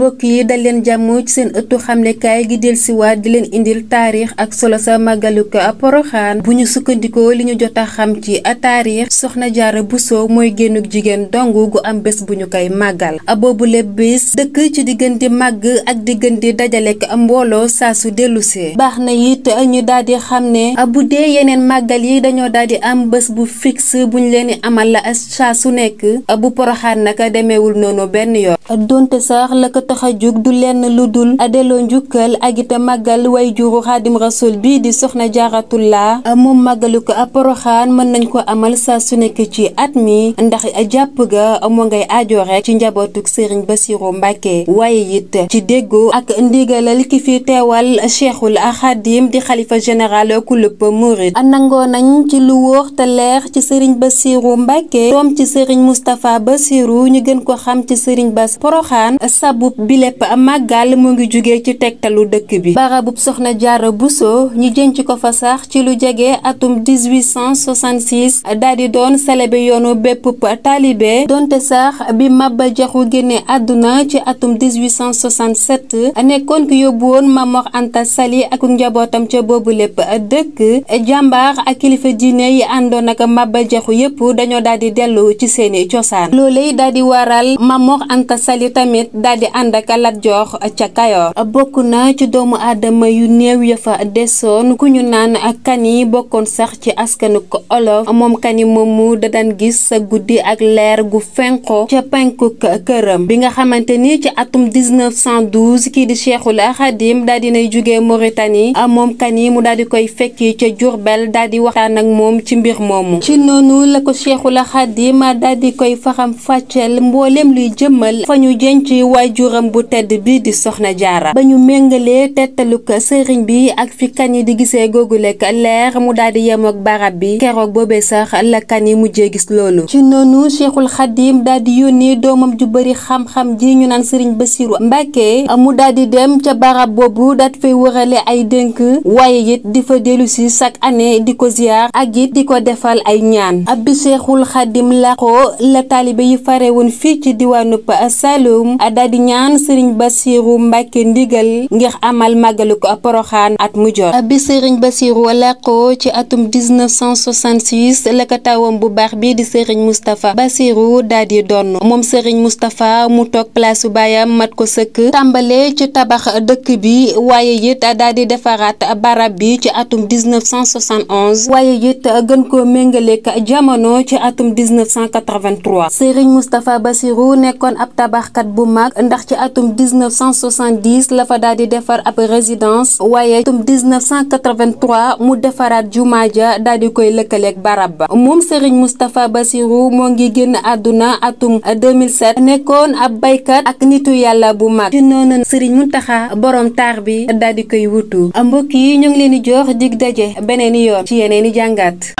mbokk yi dal leen jàmm ci seen ëttu xamlekaay gi del siwaat di leen indil taarix ak solo sa a poroxaan bu ñu sukkandikoo li ñu jot a xam ci taarix soxna jaara buso mooy génnuk jigéen dong gu am bés bu ñu koy màggal a boobu lépp bés dëkk ci diggante màgg ak diggante dajalek mbooloo saa su dellusee baax na it ñu daal di xam ne a bu dee yeneen màggal yi dañoo daal di am bés bu fixe bu ñu leen di amal la saa su nekk bu poroxaan naka demeewul noonu benn yoon tax a jóg du lenn lu dul delloo njukkal ak it màggal way juru xaadim rasul bii di soxna jaaratullaa moom màggalu ko poroxaan mën nañ ko amal saa su nekk ci at mi ndax jàpp ga moo ngay aajo rek ci njabootuk sëriñ Basiru Mbàkke waaye it ci déggoo ak ndigalal ki fi teewal cheikhul xaadim di xalifa général kulub a nangoo nañ ci lu wóor te leer ci sëriñ Basiru Mbàkke doom ci sëriñ Moustapha Basiru ñu gën ko xam ci sëriñ Bass poroxaan sabub bi lépp màggal mu ngi jugee ci tegtalu dëkk bi barabub soxna jaara buso ñu ci ko fa sax ci lu jege atum 1866 daal di doon célébré yoonu bépp taalibe donte sax bi mabba jaxu génne àdduna ci atum 1867 nekkoon ki yóbbu woon Mamor Anta Sali ak njabootam ca boobu lépp dëkk jàmbaar ak kilifa diine yi àndoon ak mabba jaxu yépp dañoo daal di dellu ci seeni cosaan loolee daal di waral Mamor Anta tamit daal ànd ànd ak Lat Joor ca Kayoor bokk na ci doomu aadama yu néew ya fa desoon ku ñu naan Kani bokkoon sax ci askanu ko olof moom Kani moomu da daan gis sa guddi ak leer gu fenqo ca penku këram bi nga xamante ni ci atum 1912 kii di a Khadim daal dinay jóge Mauritanie moom Kani mu daal di koy fekki ca Diourbel daal di waxtaan ak moom ci mbir moomu ci noonu la ko Cheikhul Khadim daal di koy faxam fàcceel mbooleem luy jëmmal fa ñu jën ci waajuram maamam bu tedd bi di soxna jaara bañu ñu méngalee ko sëriñ bi ak fi kan di gisee googu ka leer mu daal di yem ak barab bi keroog bobé sax la kan yi mujjee gis lolu ci nonu cheikhul khadim daal di yónnee doomam ju bari xam-xam ji ñu naan sëriñ basirou mbàkke mu daal di dem ci barab bobu dat fay wërale ay dénk waye yit di fa ci sak ané di ko ziar ak yit di ko defal ay ñaan ab bi cheikhul la ko la talibé yi faré won fi ci diwanu pa salum daal di ñaan ñaan sëriñ Basiiru Mbàkke ndigal ngir amal màggalu ko poroxaan at mu jot bi sëriñ Basiiru làqoo ci atum 1966 la ko tawam bu baax bii di sëriñ Moustapha Basiiru daal di donn moom sëriñ Moustapha mu toog place su baayam mat ko sëkk tàmbale ci tabax dëkk bi waaye it daal di defaraat barab bi ci atum 1971 waaye it gën koo méngaleek jamono ci atum 1983 sëriñ Moustapha Basiiru nekkoon ab tabaxkat bu mag ndax ci atum 1970 la fa daal di defar ab résidence waaye atum 1983 mu defaraat jumaa ja daal di koy lëkkaleek barab ba moom Serigne Moustapha Bassirou moo ngi génn àdduna atum 2007 nekkoon ab baykat ak nitu yàlla bu mag ci noonu Serigne Mountakha boroom taar bi daal di koy wutu mbokk yi ñu ngi leen di jox dig daje beneen yoon ci yeneen i jàngat.